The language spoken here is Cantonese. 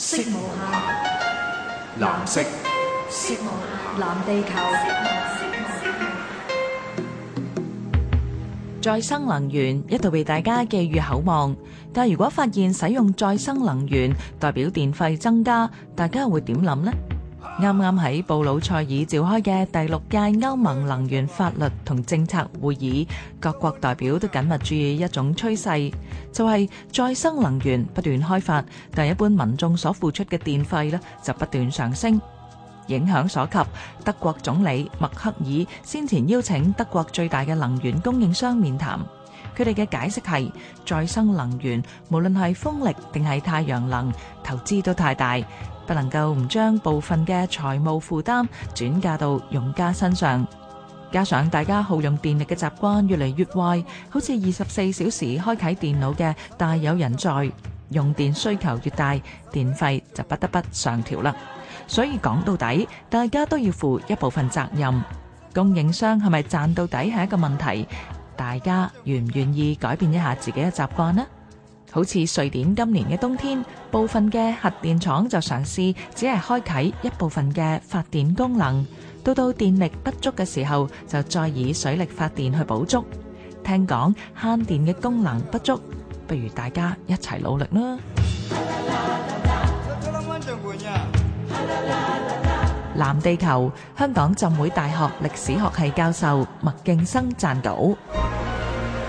色無限，藍色。色無限，藍地球。地球再生能源一度被大家寄予厚望，但如果發現使用再生能源代表電費增加，大家會點諗呢？啱啱喺布魯塞爾召開嘅第六屆歐盟能源法律同政策會議，各國代表都緊密注意一種趨勢，就係再生能源不斷開發，但一般民眾所付出嘅電費咧就不斷上升，影響所及，德國總理默克爾先前邀請德國最大嘅能源供應商面談，佢哋嘅解釋係再生能源無論係風力定係太陽能，投資都太大。不能夠唔將部分嘅財務負擔轉嫁到用家身上，加上大家耗用電力嘅習慣越嚟越壞，好似二十四小時開啟電腦嘅，大有人在，用電需求越大，電費就不得不上調啦。所以講到底，大家都要負一部分責任。供應商係咪賺到底係一個問題，大家願唔願意改變一下自己嘅習慣呢？好似瑞典今年嘅冬天，部分嘅核電廠就嘗試只係開啟一部分嘅發電功能，到到電力不足嘅時候就再以水力發電去補足。聽講慳電嘅功能不足，不如大家一齊努力啦！藍地球，香港浸會大學歷史學系教授麥勁生撰稿。